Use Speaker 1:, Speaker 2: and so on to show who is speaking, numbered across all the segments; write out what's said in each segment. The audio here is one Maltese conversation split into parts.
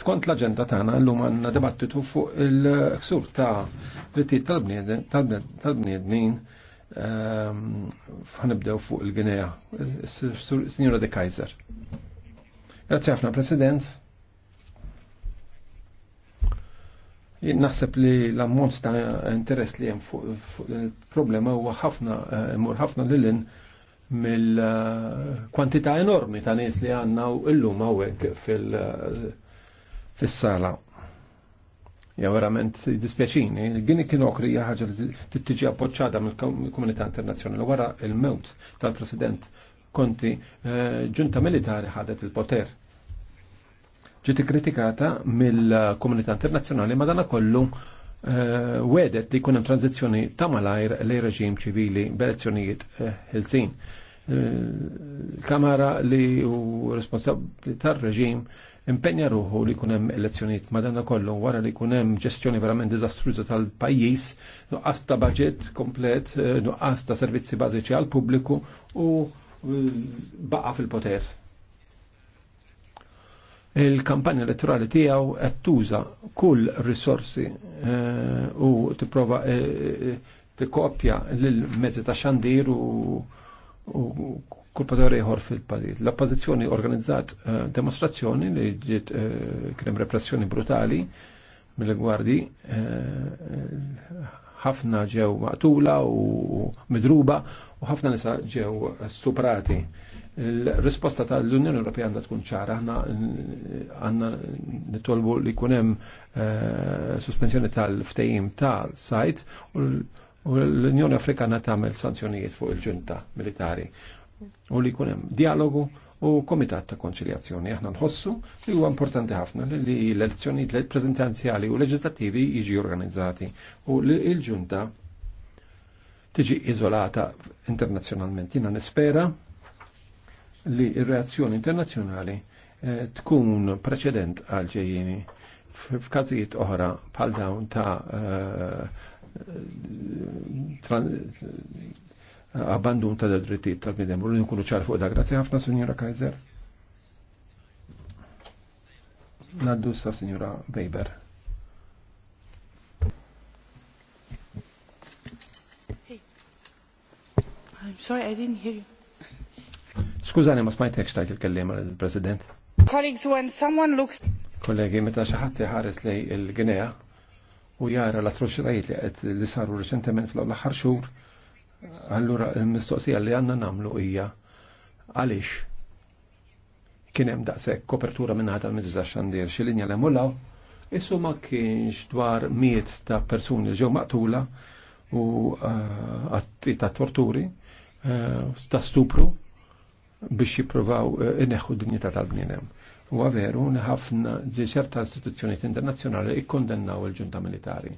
Speaker 1: Skont l-agenda tagħna llum għandna dibattitu fuq il-ksur ta' drittijiet tal-bniedmin ehm, ħanibdew fuq il-Ginea. Signora De Kaiser. Grazie ħafna President. Naħseb li l-ammont ta' interess li hemm fuq il-problema huwa ħafna eh, imur ħafna lilin mill-kwantità eh, enormi ta' nies li għandna illum hawnhekk fil- fis-sala. Ja verament dispjaċini, il-gini kien okri ħaġa li tiġi appoċċata mill-komunità internazzjonali wara il-mewt tal-President Konti ġunta militari ħadet il-poter. Ġiet kritikata mill-komunità internazzjonali ma dana kollu wedet li jkun hemm tranzizzjoni ta' malajr lejn reġim ċivili b'elezzjonijiet ħilsin. Uh, kamara li u responsabli tar-reġim impenja ruħu li kunem elezzjoniet madana kollu wara li kunem ġestjoni verament dizastruza tal-pajis, nuqqas ta' budget komplet, eh, nuqqas ta' servizzi bażiċi għal pubbliku u baqa fil-poter. Il-kampanja elettorali tiegħu qed tuża kull risorsi eh, u tipprova eh, tikkoppja lil mezzi ta' xandir u u kulpatori ieħor fil-pajjiż. l oppozizjoni organizzat eh, demonstrazzjoni li ġiet eh, krem repressjoni brutali mill-gwardi eh, ħafna ġew maqtula u midruba u ħafna nisa ġew stuprati. L-risposta tal-Unjoni Ewropea għandha tkun ċara, aħna għandna nitolbu li jkun hemm sospensjoni tal-ftehim ta' sajt u u l-Unjoni Afrikana tagħmel sanzjonijiet fuq il-ġunta militari u li jkun hemm dialogu u komitat ta' konċiljazzjoni. Aħna nħossu li huwa importanti ħafna li l-elezzjonijiet prezidenziali u leġislattivi jiġi organizzati u li l-ġunta tiġi iżolata internazzjonalment. Jina nispera li r-reazzjoni internazzjonali eh, tkun preċedent għal ġejjini f'każijiet oħra bħal dawn ta' eh, abbandun ta' d drittijiet tal-bnedem. Rridu nkunu ċar fuq da. Grazzi ħafna, Sinjora Kaiser. Naddu sa' Sinjora Weber.
Speaker 2: I'm sorry, I didn't hear you.
Speaker 1: Skużani, ma smajtekx tajt il-kellima l-President.
Speaker 2: Colleagues, when someone looks...
Speaker 1: Kollegi, meta xaħat ħares lej il-Ginea, u jara l-atroċitajiet li qed li saru reċentement fl-aħħar xhur, allura l-mistoqsija li għandna nagħmlu hija għaliex kien hemm daqshekk kopertura minn ħadd mizza xandir xi linja li mullaw, issu ma kienx dwar miet ta' persuni li ġew maqtula u għatti eh, ta' torturi, eh, ta' stupru biex jippruvaw eh, ineħħu d tal bnienem U veru li ħafna li ċerta istituzzjonijiet internazzjonali ikkondennaw il-ġunta militari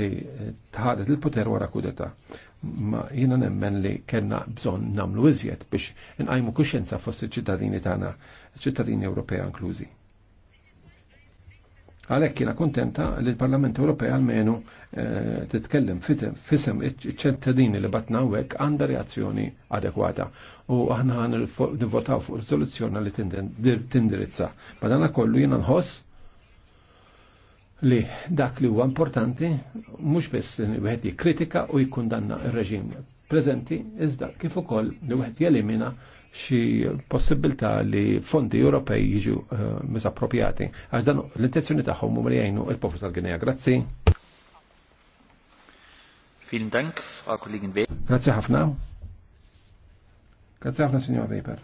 Speaker 1: li tħadet il-poter wara kudeta. Ma jina nemmen li kena bżon namlu iżjed biex nqajmu kuxjenza fost il-ċittadini tagħna, ċittadini Ewropea inklużi. Għalhekk kiena kontenta li l-Parlament Ewropea għalmenu titkellem fisem iċ-ċentadini li batna għek għanda reazzjoni adekwata. U aħna għan nivotaw fuq risoluzzjoni li tindirizza. Badana kollu jena nħoss li dak li huwa importanti mhux biss li wieħed jikkritika u jikkundanna ir-reġim preżenti iżda kif ukoll li wieħed jelimina xi possibilità li fondi Ewropej jiġu uh, eh, misappropriati. Għax dan l-intenzjoni tagħhom huma li jgħinu l-poplu tal-Ginea. Grazzi.
Speaker 2: Vielen Dank, Frau Kollegin Weber. Grazie Hafna.
Speaker 1: Grazie Hafna, Signor Weber.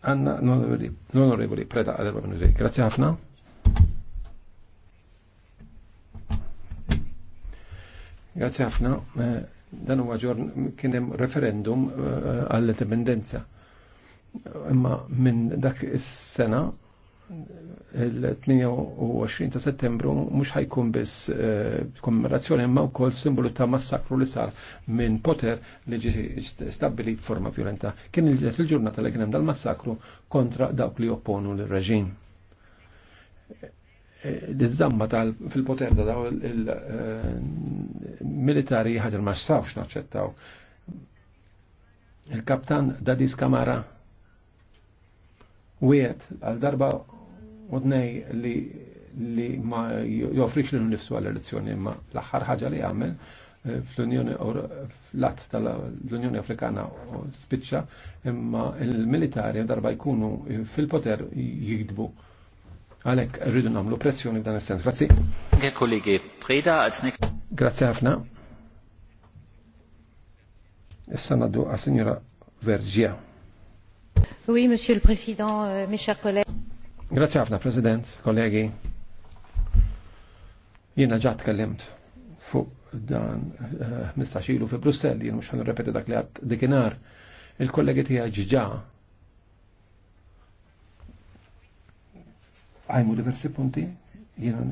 Speaker 1: Anna, l-onorevoli, preda adesso erba minuti. Grazie Hafna. Grazie Hafna. Eh, dan huwa ġorn kien hemm referendum eh, għall-indipendenza. Imma minn dak is-sena il-28 ta' settembru mhux ħajkun biss kommemorazzjoni eh, imma wkoll simbolu ta' massakru li sar minn poter li ġi stabbilit forma violenta. Kien il-ġurnata li kien hemm dal-massakru kontra dawk li opponu l-reġim. Eh, l-iżamma fil-poter ta' daw il-militari eh, ħaġa ma stawx naċċettaw. Il-kaptan Dadis Kamara wiet għal darba u dnej li li ma joffriċ li nifsu għall-elezzjoni imma l axħar ħagġa li għamel eh, fl-Unjoni l-att tal-Unjoni Afrikana spiċċa imma il-militari darba jkunu fil-poter jikdbu għalek rridu namlu pressjoni f'dan il sens Grazzi.
Speaker 2: Kollegi Preda als
Speaker 1: next. Grazzi għafna. Issa naddu għal signora Vergia.
Speaker 3: Oui, Monsieur le Président, euh, mes chers collègues.
Speaker 1: Grazie ħafna, President, kollegi. Jiena ġat kellimt fuq dan eh, mistaxilu fi Brussell, jien mhux repeti dak li għad dikinar. Il-kollegi tiegħi ġiġa għajmu diversi punti, jiena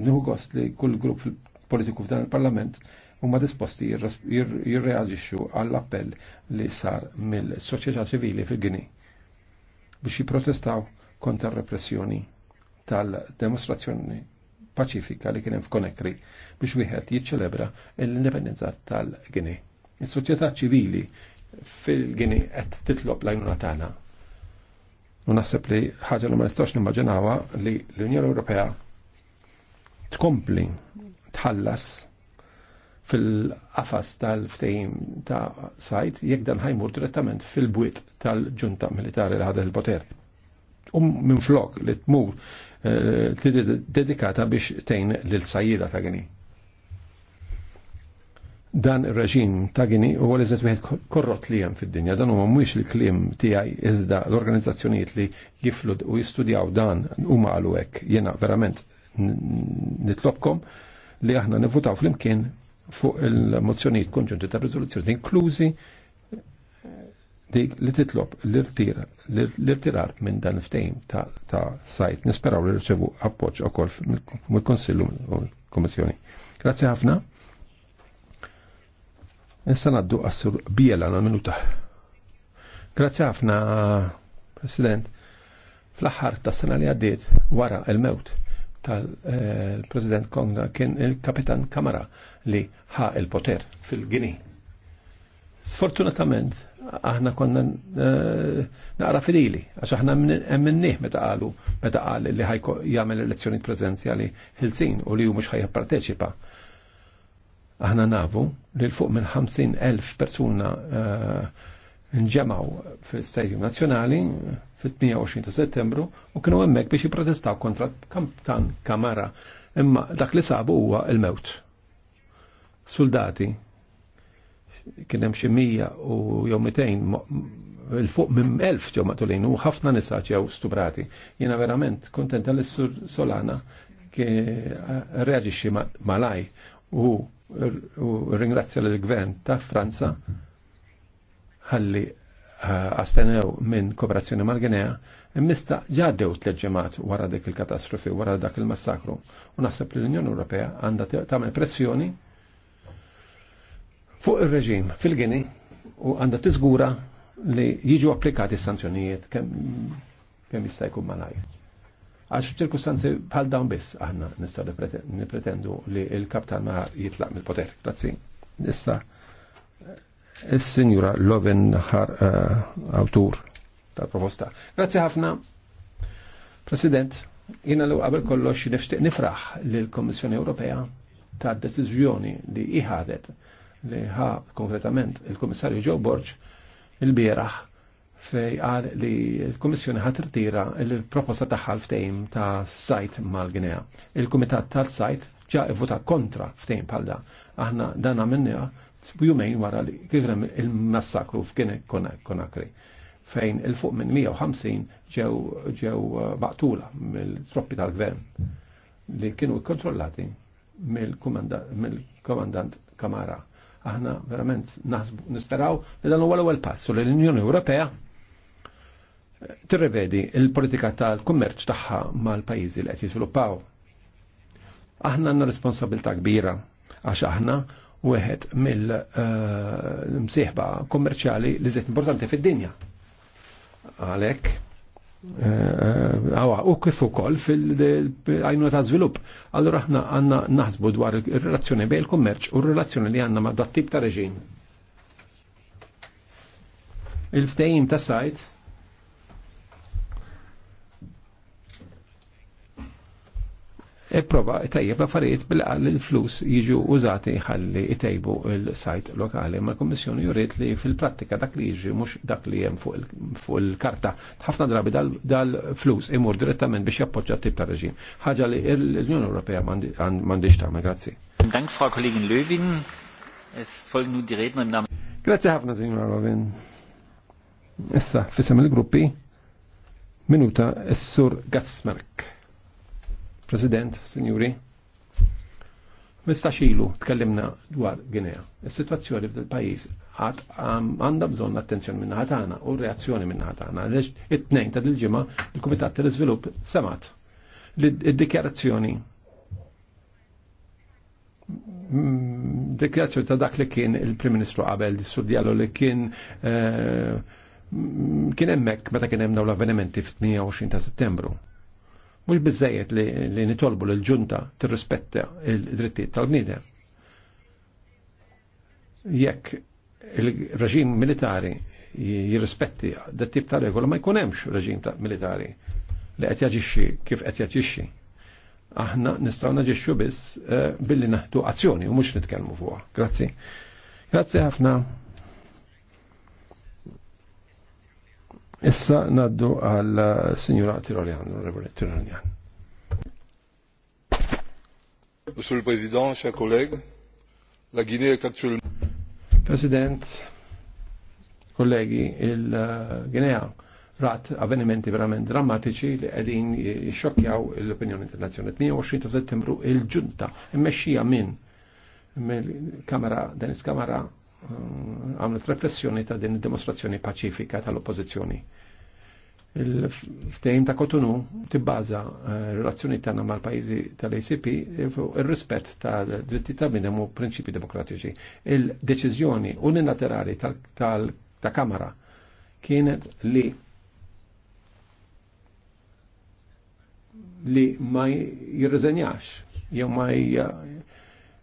Speaker 1: nħu gost li kull grupp politiku f'dan il-Parlament huma disposti jirreagġiċu għall-appell li sar mill-soċjetà ċivili fil-Gini biex jipprotestaw kontra repressjoni tal-demonstrazzjoni paċifika li kien hemm f'Konekri biex wieħed jiċċelebra l-indipendenza tal-Gini. Is-soċjetà ċivili fil-Gini qed titlob l-għajnuna tagħna. U naħseb li ħaġa li ma nistax nimmaġinawha li l-Unjoni Ewropea tkompli tħallas fil-qafas tal-ftehim ta' sajt jekk dan ħajmur direttament fil-bwiet tal-ġunta militari li ħadet il-poter um minn flok li tmur eh, dedikata biex tejn lil sajjida ta' gini. Dan ir-reġim ta' gini u għalizet wieħed korrot li hemm fid-dinja, dan huma mhuwiex il-kliem tiegħi iżda l-organizzazzjonijiet li jiflud u jistudjaw dan huma għalu hekk. Jiena verament nitlobkom li aħna nivutaw flimkien fuq il-mozzjonijiet konġunti ta' riżoluzzjoni inklużi dik li titlob l-irtirar minn dan ftejm ta' sajt. Nisperaw li rċevu u kolf mill-Konsillu u l komissjoni Grazzi ħafna. Issa naddu għassur biela na minuta. Grazie ħafna, President. Fl-aħħar tas sena li għaddiet wara il-mewt tal-President Kongna kien il-Kapitan Kamara li ħa il-poter fil-Gini. Sfortunatament, aħna konna eh, naqra fidili, għax aħna emminniħ meta qalu, meta qal li ħajko jagħmel elezzjoni prezenzjali ħilsin u li hu mhux parteċipa. Aħna navu li l fuq minn 50.000 elf persuna eh, nġemaw fil-Stadium Nazzjonali fit-28 ta' settembru u kienu hemmhekk biex jipprotestaw kontra Kamtan Kamara imma dak li sabu huwa il-mewt. Soldati kien hemm xi mija u jew mitejn il-fuq minn elf ġew matulin u ħafna nisa ġew stuprati. Jiena verament kontenta li sur Solana reaġixxi malaj u ringrazzja l-gvern ta' Franza ħalli astenew minn kooperazzjoni mal-Ginea Immista ġaddew tliet ġimgħat wara dik il-katastrofi, wara dak il-massakru, u naħseb li l-Unjoni Ewropea għandha tagħmel pressjoni fuq ir-reġim fil-Gini u għandha tiżgura li jiġu applikati sanzjonijiet kemm jista' jkun malaj. Għax ċirkustanzi bħal dawn biss aħna nistgħu nipretendu li l kaptan ma jitlaq mill-poter. Grazzi. Issa is-Sinjura Loven ħar eh, awtur tal-proposta. Grazzi ħafna. President, jiena l qabel kollox nifraħ lill-Kommissjoni Ewropea ta' deċiżjoni li iħadet li ħa konkretament il-Kummissarju Joe Borġ il-bieraħ fej għal li l komissjoni ħat rtira il-proposta tagħha ftejm ta' sajt mal-Gnea. Il-Kumitat tal-sajt ġa vota kontra ftejm bħal da. Aħna dan għamilniha jumejn wara li kifrem il-massakru f'kene Konakri fejn il-fuq minn 150 ġew ġew baqtula uh, mill-troppi tal-gvern li kienu kontrollati mill-komandant Kamara Aħna verament naħsbu nisperaw li dan huwa l-ewwel pass u l-Unjoni Ewropea eh, tirrevedi il-politika tal-kummerċ tagħha mal-pajjiżi li qed jiżviluppaw. Aħna għandna responsabilità kbira għax aħna wieħed mill-msieħba eh, kummerċjali li żiet importanti fid-dinja. Għalhekk Għawa, eh, eh, u kif ukoll fil għajnu ta' żvilupp. Allura aħna għandna naħsbu dwar ir-relazzjoni bejn il-kummerċ u r-relazzjoni li għandna ma' dat-tip ta' reġim. Il-ftehim ta' sajt prova tajjeb affarijiet bil-qal il-flus jiġu użati ħalli itejbu il-sajt lokali. Ma l-Kommissjoni juriet li fil-prattika dak li jiġi mux dak li jem fuq il-karta. Ħafna drabi dal-flus imur direttament biex jappoġġa tip ta' reġim. Ħaġa li l-Unjoni Ewropea mandiġ ta' grazzi.
Speaker 2: Dank Frau Kollegin Löwin. Es folgen nun die Redner im Namen.
Speaker 1: Grazie ħafna, Signora Lovin. Issa, fissam il-gruppi, minuta Essur sur President, Signori, mistax ilu tkellimna dwar Ginea. Is-sitwazzjoni fil pajjiż għad għandha bżonn attenzjoni minn ħatana u reazzjoni minn ħatana. Għaliex it-tnejn ta' dil-ġimgħa il-Kumitat tal-Iżvilupp semat id-dikjarazzjoni mm, dikjarazzjoni ta' dak li kien il-Prim Ministru qabel sur dialog li kien eh, kien hemmhekk meta kien hemm dawn l-avvenimenti fit ta' Settembru Mux bizzejiet li, li nitolbu l-ġunta tirrispetta il-drittijiet tal-bnidem. Jekk il-reġim militari jirrispetti dat tip ta' regola ma jkunemx reġim ta' militari li qed jaġixxi kif qed jaġixxi. Aħna nistgħu naġixxu biss eh, billi naħdu azzjoni u mhux nitkellmu fuqha. Grazzi. Grazzi ħafna. Issa naddu għal signora Tiroljan, Revoli Tiroljan. Monsieur le Président, chers collègues, la Guinée est actuellement. President, kollegi, il-Guinea rat avvenimenti verament drammatiċi li għedin xokjaw l-opinjoni internazjonali. 22 ta' settembru il-ġunta, immexxija minn mill-Kamera, Denis Kamara, għamlet repressjoni ta' din id-dimostrazzjoni paċifika tal oppozizjoni Il-ftejim ta' Kotunu tibbaza eh, relazzjoni tagħna mal-pajjiżi tal-ACP ir-rispett ta' dritti ta' minnem u prinċipi demokratiċi. Il-deċiżjoni unilaterali ta' Kamara kienet li li ma jirriżenjax jew ma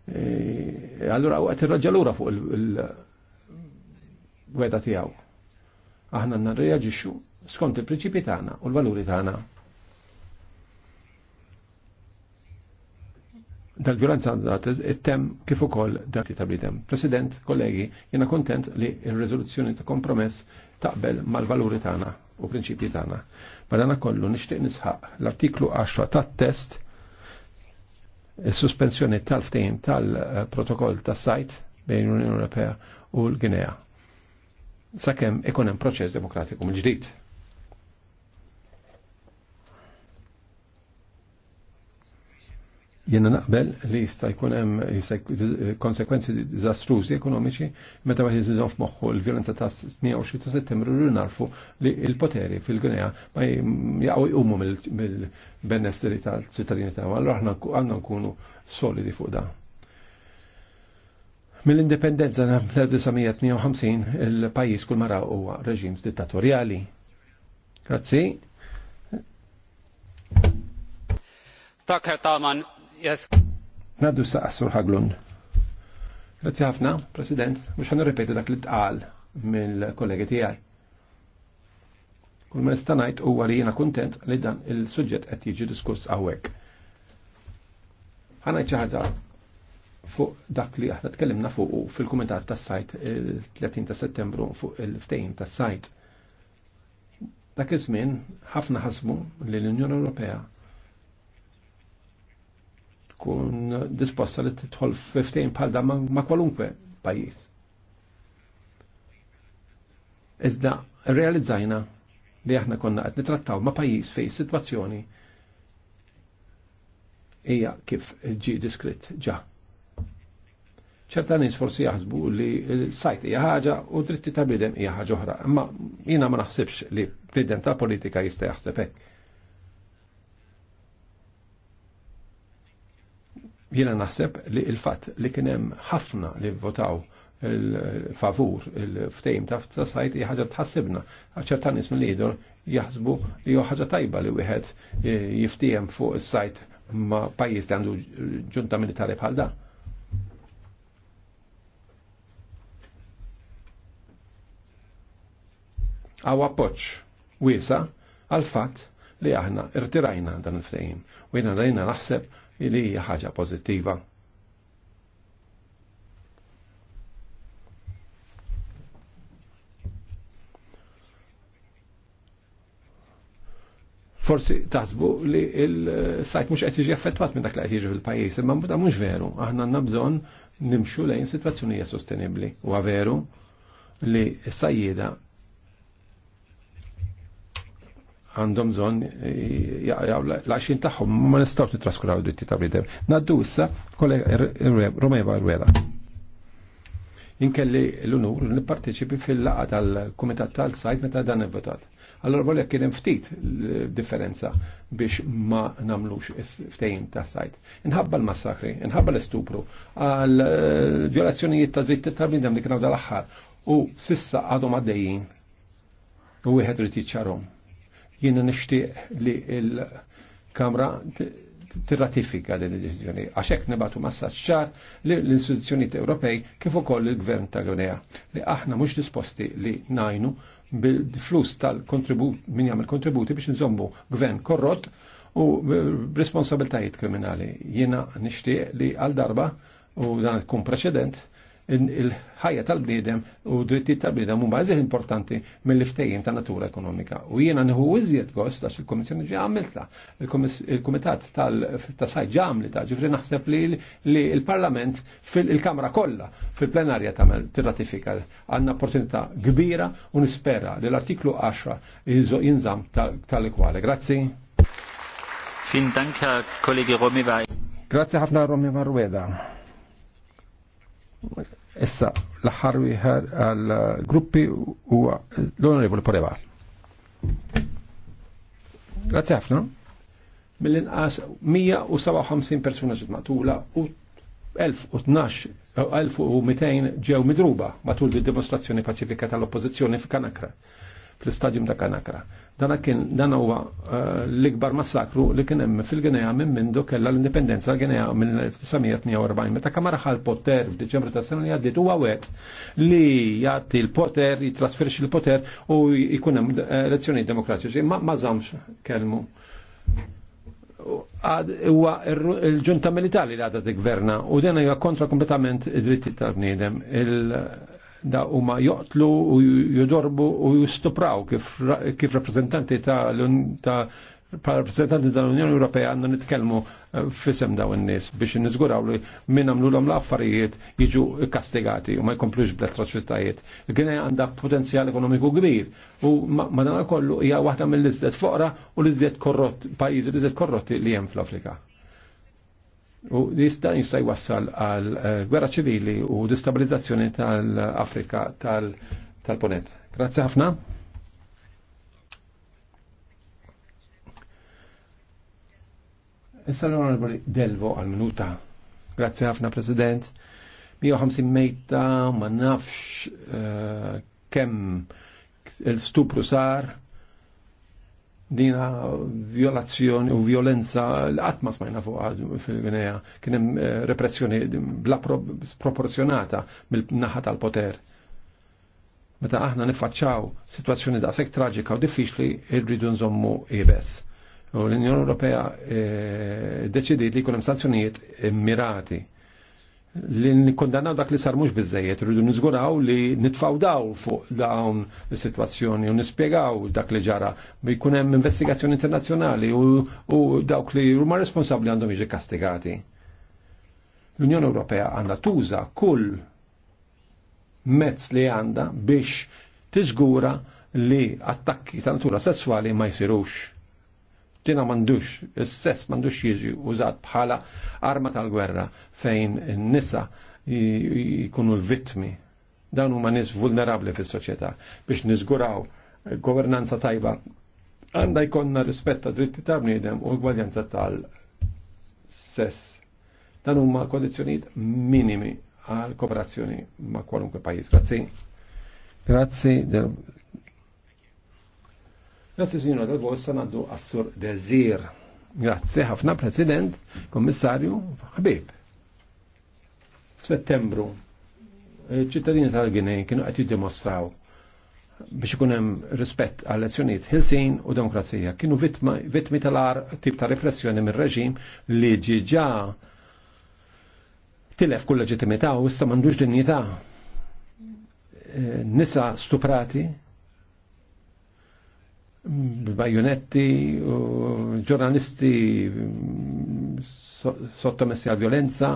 Speaker 1: Eh, Allura għet il-raġalura fuq il-weda tijaw. Aħna n-reagġiċu skont il-prinċipi tagħna u l-valuri tagħna. Dal-violenza għandat il tem kif ukoll dati ta' bidem. President, kollegi, jena kontent li il-rezoluzzjoni ta' kompromess taqbel mal-valuri tagħna u prinċipji tagħna. Badana kollu nixtieq nisħaq l-artiklu 10 tat-test il-suspensjoni tal-ftehim tal-protokoll tas-sajt bejn l-Unjoni Ewropea u l-Ginea. Sakemm ikun hemm proċess demokratiku mill-ġdid. jenna naqbel li jista' jkun hemm konsekwenzi diżastrużi ekonomiċi meta ma jiżżon f'moħħu l-vjolenza ta' 28 ta' settembru li narfu li l-poteri fil-Gunea ma jaqgħu jqumu mill-benesseri tal-ċittadini tagħhom. Allura aħna għandna nkunu solidi fuq da. Mill-indipendenza fl 1958 il-pajjiż kull mara huwa reġims dittatorjali. Grazzi. Tak, Herr Talman, Yes. Naddu saqsur ħaglund. Grazzi ħafna, President, mux ħan ripeti dak li tqal mill-kollegi tiegħi. Kull ma nista' ngħid huwa li jiena kuntent li dan il-suġġett qed jiġi diskuss hawnhekk. Ħana xi ħaġa fuq dak li aħna tkellimna fuq fil-kumitat tas-sajt il-30 ta' Settembru fuq il-ftehim tas-sajt. Dak iż-żmien ħafna ħasbu li l-Unjoni Ewropea tkun disposta li tidħol f'ftejn bħal da ma' kwalunkwe pajjiż. Iżda realizzajna li aħna konna qed nitrattaw ma' pajjiż fej sitwazzjoni hija kif ġi diskritt ġa. ċerta nies forsi jaħsbu li l-sajt hija ħaġa u dritti ta' bidem hija ħaġa oħra, imma jiena ma naħsibx li bidem tal politika jista' jaħseb hekk Jiena naħseb li il-fatt li kien hemm ħafna li votaw il-favur, il-ftejm ta' sajt ħaġa tħassibna. ċertan nies mill-lider jaħsbu li ħaġa tajba li wieħed jiftijem fuq is-sajt ma' pajjiż li għandu ġunta militari bħal da. Għaw appoċ wiesa għal fat li aħna irtirajna dan il-ftejm. U jena rajna naħseb li hija ħaġa pożittiva. Forsi taħsbu li il-sajt mhux qed jiġi effettwat minn dak li qed jiġi fil-pajjiż, imma mbuda mhux veru. Aħna għandna bżonn nimxu lejn sitwazzjonija sostenibbli. Huwa veru li s-sajjieda għandhom bżonn eh, jaqraw l-għaxin tagħhom ma nistgħux titraskuraw dritti ta' bidem. Naddu issa kollega Romeva Rweda. Inkelli l-unur nipparteċipi fil-laqa tal-Kumitat tal-Sajt meta dan votat. Allora volja kien hemm ftit eh, differenza biex ma namlux ftejn ta' sajt. Inħabba l-massakri, inħabba l-istupru, għal eh, violazzjonijiet ta' dritti ta' bidem li kienu dal-aħħar u sissa għadhom għaddejjin u wieħed rid jiċċarhom Jiena nixtieq li l-Kamra tirratifika din id-deċiżjoni Għaxek nebatu nibatu ċar li l-istituzzjonijiet Ewropej kif ukoll il-Gvern ta' Gvinea li aħna mhux disposti li najnu bil-flus tal-kontribut min jagħmel kontributi biex nżommu gvern korrott u responsabiltajiet kriminali. Jiena nixtieq li għal darba u dan tkun preċedent il-ħajja tal-bniedem u drittijiet tal-bniedem huma eżih importanti mill-iftejjim ta' natura ekonomika. U jiena nħu iżjed gost għax il komissjoni ġi għamilta, il komitat ta' saj ġi ġifri naħseb li il parlament fil-Kamra kollha fil-plenarja tagħmel ratifika għanna opportunità kbira u nispera li l-artiklu 10 jinżam tal-ikwale. Grazzi.
Speaker 2: Fin dank, kollegi Romiva.
Speaker 1: Grazie ħafna Romiva Rueda. Issa l-aħħar wieħed għall-gruppi huwa l-Onorevoli Porevar. Grazie ħafna. Mill-inqas 157 persuna ġiet maqtula u 1012 1200 ġew midruba matul id-dimostrazzjoni paċifika tal-oppożizzjoni f'Kanakra fl-istadium ta' Kanakra. Dan kien dan huwa eh, l-ikbar massakru li kien hemm fil-Ginea minn mindu kellha l-indipendenza Ginea minn 1948 meta kamara ħal poter f'Diċembru ta' sena li għaddiet huwa wet li jagħti l-poter, jitrasferixxi l-poter u jkun hemm eh, elezzjonijiet demokratiċi. Ma żamx kelmu huwa il-ġunta militari li għadha tigverna u dena hija kontra kompletament id-dritti tal-bniedem da huma joqtlu u jodorbu u jistupraw kif, kif rappresentanti ta' rappresentanti tal-Unjoni Ewropea għandna nitkellmu eh, fisem daw in-nies biex nizguraw li minn għamlu l affarijiet jiġu kastigati u ma jkomplux bl-atroċitajiet. Gine għandha potenzjal ekonomiku kbir u madankollu hija waħda mill-iżjed foqra u l-iżjed korrott pajjiżi l-iżjed korrotti li hemm fl-Afrika. U jista' jista' jwassal għal eh, gwerra ċivili u destabilizzazzjoni tal-Afrika tal ponet Grazzi ħafna. Issa l-Onorevoli Delvo għal minuta. Grazzi ħafna President. 150 mejta ma nafx eh, kemm il-stupru sar dina violazzjoni u violenza l atma ma smajna fuq fil-Gvinea kien hemm eh, repressjoni bla sproporzjonata mill-naħa tal-poter. Meta aħna nifacċaw situazzjoni daqshekk traġika u diffiċli rridu nżommu ibes. U l-Unjoni Ewropea eh, deċidiet li jkun hemm sanzjonijiet mirati li nikondannaw dak li sar mhux biżejjed, rridu niżguraw li nitfawdaw daw fuq dawn is-sitwazzjoni u nispjegaw dak li ġara bi jkun hemm investigazzjoni internazzjonali u dawk li huma responsabbli għandhom jiġi kastigati. L-Unjoni Ewropea għandha tuża kull mezz li għandha biex tiżgura li attakki ta' natura sessuali ma jsirux dina mandux, s-sess mandux jiġi użat bħala arma tal-gwerra fejn n-nisa jikunu l vitmi Dan huma nis vulnerabli fis-soċjetà biex nizguraw governanza tajba għanda jkollna rispetta dritti ta' bniedem u gwaljanza tal-sess. Dan huma kondizjoniet minimi għal kooperazzjoni ma' kwalunkwe pajis. Grazzi. Grazzi Grazie signora del Vossa għandu assur Dezir. Grazzi ħafna President, Kommissarju, ħabib. F'Settembru ċittadini tal-Ginej kienu qed jiddimostraw biex ikun hemm rispett għal lezzjonijiet ħilsin u demokrazija. Kienu vittmi tal-ar tip ta' repressjoni mir-reġim li ġiġa tilef kull leġitimità u issa m'għandux dinjità. Eh, nisa stuprati, bajonetti, u ġurnalisti sottomessi għal violenza.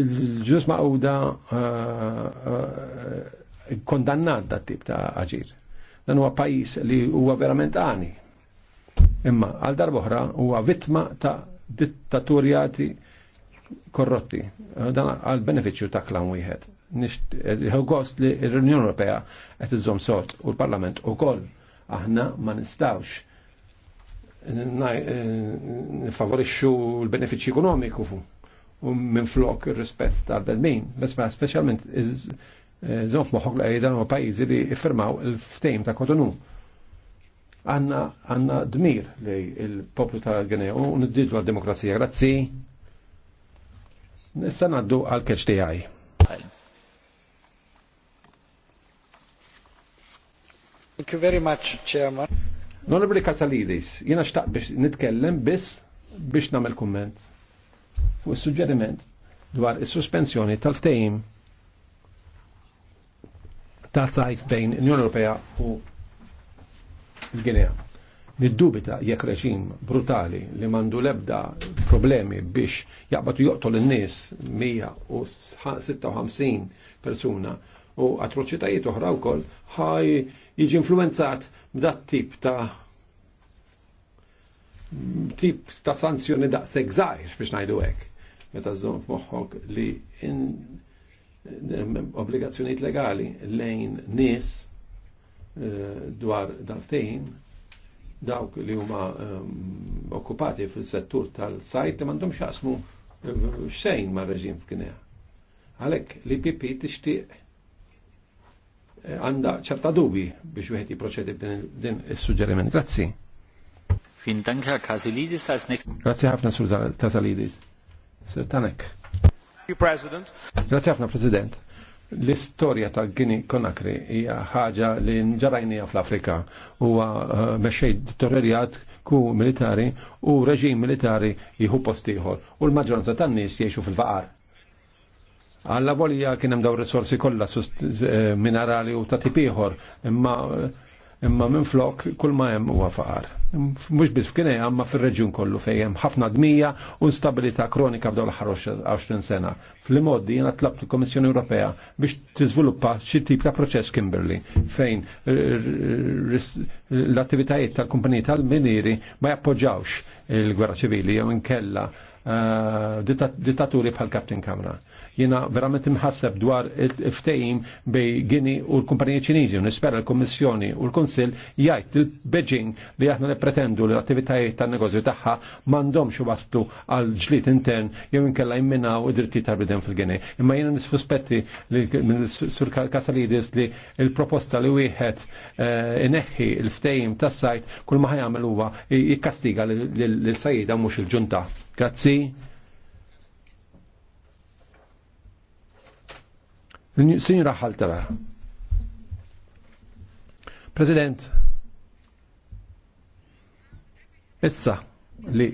Speaker 1: Il-ġus maqda uh, uh, kondannat da tip ta' aġir. Dan huwa pajis li huwa verament għani. Imma għal darboħra huwa vittma ta' dittaturjati korrotti. Dan għal beneficju ta' klan wieħed Eh, gost li l-Unjoni Ewropea qed iżżomm sort u l-Parlament ukoll aħna ma nistawx eh, nifavorixxu l benefiċċji ekonomiku u minn flok ir-rispett tal-bedmin, bes ma speċjalment zonf eh, moħħok li għajdan u pajizi li iffirmaw il-ftejm ta' Kotonu. Għanna għanna dmir li il-poplu ta' Gneo u niddidlu għal-demokrazija. Grazzi. Nissa naddu għal-keċ Thank you very much, Chairman. Honorable Kasalidis, jena xtaq biex nitkellem biss biex namel komment fuq suġġeriment dwar is-suspensjoni tal-ftehim ta' sajf bejn l-Unjoni Ewropea u l-Ginea. Niddubita jekk reġim brutali li mandu lebda problemi biex jaqbatu joqtol l nies 156 persuna u atroċitajiet u wkoll ħaj jiġi influenzat b'dat tip ta' tip ta' sanzjoni da' segżajr biex ngħidu hekk. Meta żżomm moħħok li obbligazzjoniet legali lejn nies eh, dwar dal-tejn dawk li huma ehm, okkupati fil-settur tal-sajt li m'għandhomx xasmu eh, xejn mar-reġim f'Kinea. Għalhekk li PP tixtieq Eh, għanda ċerta dubi biex u wieħed proċedi din il-sugġeriment. Grazzi. Fin tanka Herr Kasilidis als Grazzi ħafna Sur Kasilidis. Sir Tanek.
Speaker 2: Grazzi
Speaker 1: ħafna President. l istoria ta' Gini Konakri hija ħaġa li nġarajnija fl-Afrika u eh, meċej d deteriorat ku militari u reġim militari jihu postiħor u l-maġġoranza tan-nies jgħixu fil-faqar Għalla volja kien hemm daw risorsi kollha eh, minerali u ta' piħor, imma imma minn flok kull ma hemm huwa faqar. Mhux biss fkine għamma ma fir-reġjun kollu fejn hemm ħafna dmija u stabilità kronika bdaw l-aħħar 20 sena. Fl-modi jiena tlabt l komissjoni Ewropea biex tiżviluppa xi tip ta' proċess Kimberly fejn l-attivitajiet tal-kumpaniji tal miniri ma jappoġġawx il-gwerra ċivili jew inkella eh, dittaturi bħal Captain Kamra Jena verament imħasseb dwar il-ftejim bej Gini u l-kumpanija ċiniżi. Nispera l-Kommissjoni u l-Konsil jgħid il-Beijing li aħna pretendu li l-attivitajiet tan-negozju tagħha m'għandhomx waslu għal ġlit intern jew inkella jimminaw id-dritti tal-bidem fil-Gini. Imma jiena nisfuspetti sur Kasalidis li il-proposta li wieħed eh, ineħħi il-ftejim tas-sajt kull ma ħajamel huwa jikkastiga l sajjida mhux il-ġunta. Grazzi. Signora tara. President, issa li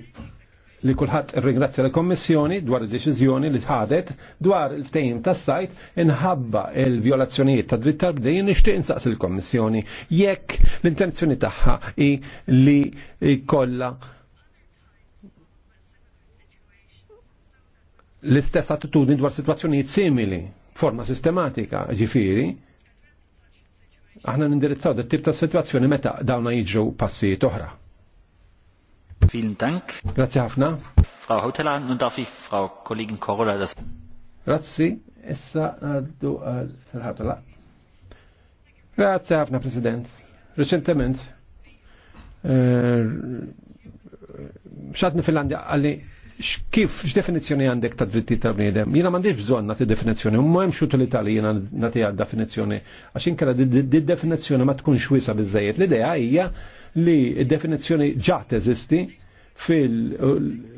Speaker 1: li kulħadd irringrazzja l-Kommissjoni dwar id-deċiżjoni li tħadet dwar il-ftehim tas-sajt inħabba il-vjolazzjonijiet ta' dritt tal-bdejn nixtieq insaqs il-Kommissjoni jekk l-intenzjoni tagħha hi li kollha l-istess attitudni dwar situazzjonijiet simili forma sistematika, ġifiri, aħna nindirizzaw da tip ta' situazzjoni meta dawna jiġu passi toħra. Vielen Dank. Grazie ħafna.
Speaker 2: Frau Hotela, nun darf ich Frau Kollegin Korola das.
Speaker 1: Grazie, essa għaddu għal-Hotela. Grazie ħafna, President. Recentement, eh, xatni Finlandia għalli kif x'definizzjoni għandek ta' dritti ta' bniedem? Jiena m'għandix bżonn nagħti definizzjoni, u m'hemmx utilità li jiena nagħti għad definizzjoni għax inkella di definizzjoni ma tkunx wiesa biżejjed. L-idea hija li d-definizzjoni ġa teżisti fil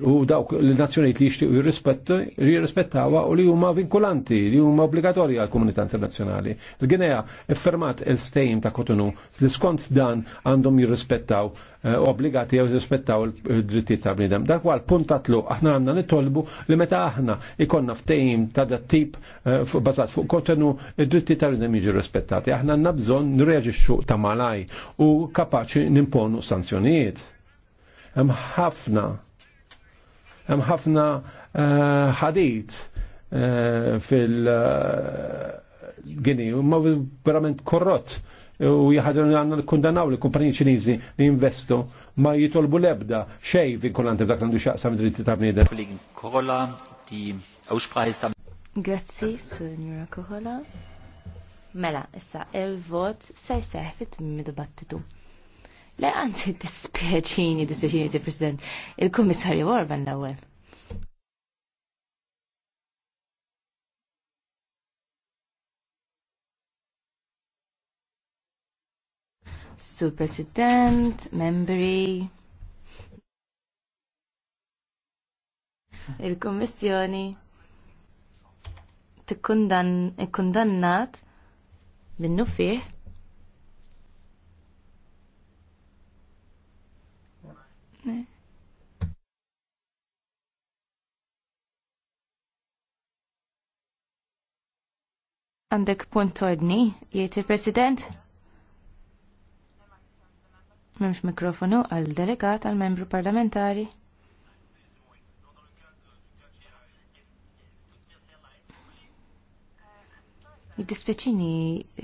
Speaker 1: u dawk l-nazzjonijiet li jixtiequ jirrispettawa u li huma vinkulanti, li huma obbligatorji għall komunità internazzjonali. Il-Ginea iffermat il-ftejn ta' Kotonu li skont dan għandhom jirrispettaw eh, obbligati jew jirrispettaw il-drittijiet ta' bnidem. Dak huwa puntatlu, aħna għandna nitolbu li meta aħna ikonna ftejn ta' dat tip eh, bazat fuq Kotonu id-drittijiet ta' bnidem jiġu rispettati. Aħna għandna bżonn nirreġixxu ta' malaj u kapaċi nimponu sanzjonijiet. Hemm ħafna hemm ħafna eh, ħadit eh, fil gini ma verament korrott u jħadru għanna kundanaw li kumpaniji ċinizi li investu ma jitolbu lebda xej fin vinkolanti f'dak għandu xaqsam dritti ta' bniedem. Kohola, ti Aussprache tam.
Speaker 3: Grazzi, Signora Kohola. Mela, issa il-vot se jseħ fit-tmim battitu Le għanzi dispieċini, dispieċini, ti President, il-Komissarju Orban l-ewel. Sur President, membri, il-Kommissjoni t-kundannat minnu fih Għandek punt ordni, jgħid il-President? Memx mikrofonu għal delegat għal membru parlamentari. Jiddispeċini,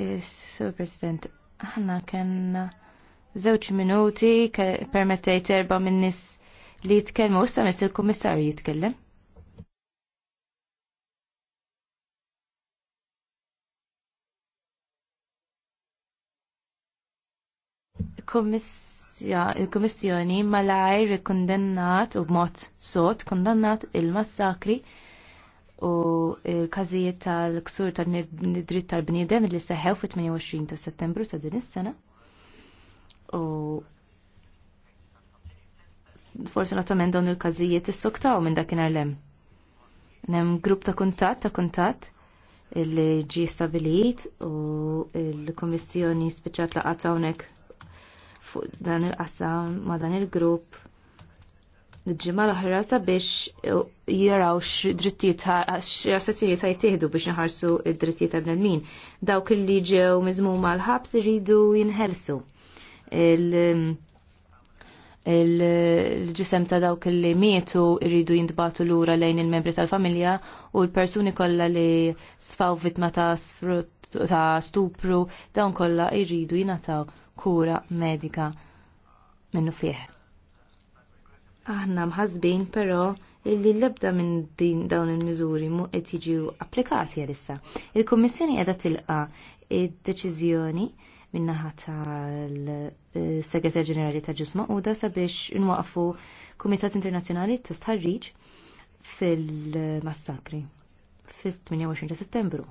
Speaker 3: eh, Sur President, ħanna kena zewċ minuti permettejt erba minnis li jitkellmu, issa mis il-Kummissarju jitkellem. il-Kommissjoni malajr kondennat u b'mod sot kundannat il-massakri u il-każijiet tal-ksur tal-dritt tal-bniedem li seħew fit-28 ta' settembru ta' din is-sena. U fortunatament dawn il-każijiet issoktaw minn dakinhar lem. Hemm grupp ta' kuntatt ta' kuntatt li ġi stabilit u l kummissjoni speċjat ta' hawnhekk fuq dan il-qasam ma' dan il-grupp l-ġimma l-oħra sabiex jaraw x-drittijiet x-assazzjonijiet ta' jittieħdu biex nħarsu id-drittijiet ta' bnedmin. Dawk li ġew miżmuma l-ħabs iridu jinħelsu il-ġisem ta' dawk li mietu irridu jintbagħtu lura lejn il-membri tal-familja u l-persuni kollha li sfaw vittma ta' ta' stupru dawn kollha irridu jingħataw kura medika minnu fih. Aħna mħazbin però illi l-ebda minn din dawn il-miżuri mu qed jiġu applikati għalissa. Il-Kummissjoni qiegħda tilqa' id-deċiżjoni il minnaħa tal-Segretar Ġenerali ta' ġusma u da sabiex nwaqfu Kumitat Internazzjonali ta' Starriġ fil-massakri fil 28 ta' settembru.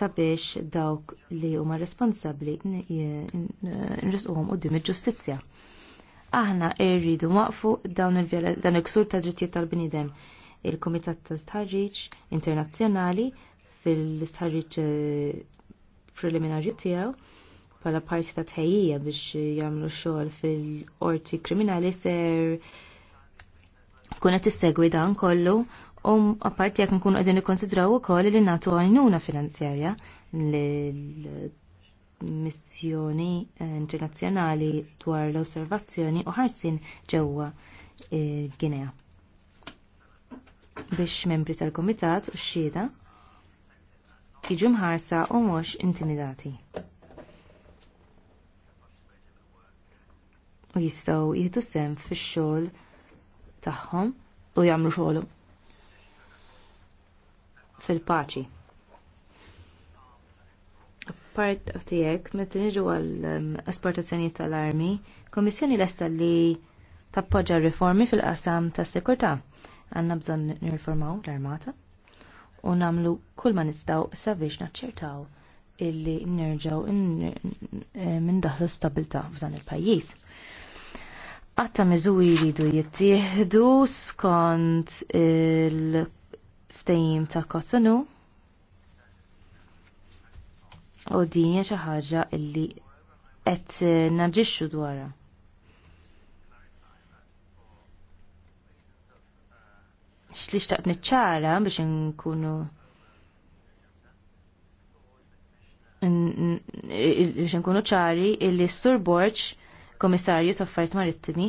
Speaker 3: Sabiex dawk li huma responsabbli nrisquhom qudiem il-ġustizzja. Aħna irridu waqfu dawn il-ksur ta' drittijiet tal-bnidem il-Kumitat ta' Starriġ Internazzjonali fil-Starriġ eh, preliminarju tiegħu bħala parti ta' tħejjija biex jagħmlu xogħol fil-qorti kriminali ser tkun qed tissegwi dan kollu u apparti jekk nkunu qegħdin nikkonsidraw ukoll li nagħtu għajnuna finanzjarja missjoni internazzjonali dwar l-osservazzjoni u ħarsin ġewwa eh, Ginea biex membri tal-Komitat u xhieda jiġu mħarsa u mhux intimidati. U jistgħu jieħdu sehem fix-xogħol tagħhom u jagħmlu xogħolhom fil-paċi. Part tiegħek meta niġu għall um, esportazzjoni tal-armi, Kummissjoni lesta li tappoġġa riformi fil-qasam tas-sikurtà. Għandna bżonn nirriformaw l-armata u nagħmlu kull ma nistgħu sabiex naċċertaw illi nerġaw eh, minn daħlu stabilta f'dan il-pajjiż. Għatta miżuri jridu jittieħdu skont il-ftejim ta' Kotonu u din xi ħaġa illi qed naġixxu dwarha. xlixtaq xtaqt niċċara biex nkunu biex nkunu ċari illi s-Sur Borċ komissarju taffariet marittimi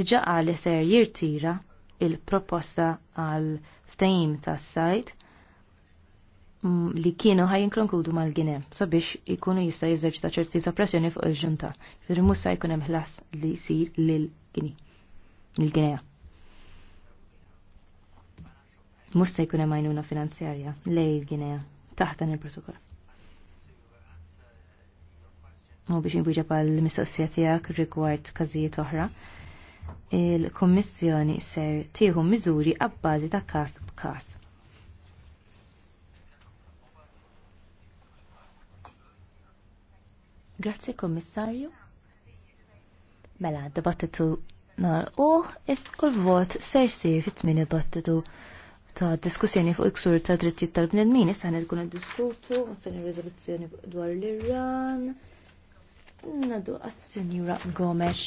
Speaker 3: diġa għal ser jirtira il-proposta għal ftajim tas sajt li kienu ħaj jinkludu mal-Gine sabiex ikunu jista' ta' ċerti ta' pressjoni fuq il-ġunta. Fir jiġifieri musa jkun hemm ħlas li jsir lil-Gini. Lil-Ginea mhux se jkun hemm għajnuna finanzjarja lejl Ginea taħt dan il-protokoll. U biex nbujġa pal-mistoqsija tiegħek rigward każijiet oħra, il-Kommissjoni ser tieħu miżuri għabbażi ta' każ b'każ. Grazzi Kommissarju. Mela, dibattitu nar u l-vot ser sir fit-tmini battitu ta' diskussjoni fuq iksur ta' drittijiet tal-bnedmin, issa ħanet kuna diskutu, għazzjoni rezoluzzjoni dwar l-Iran. Nadu għas-Sinjura Gomes.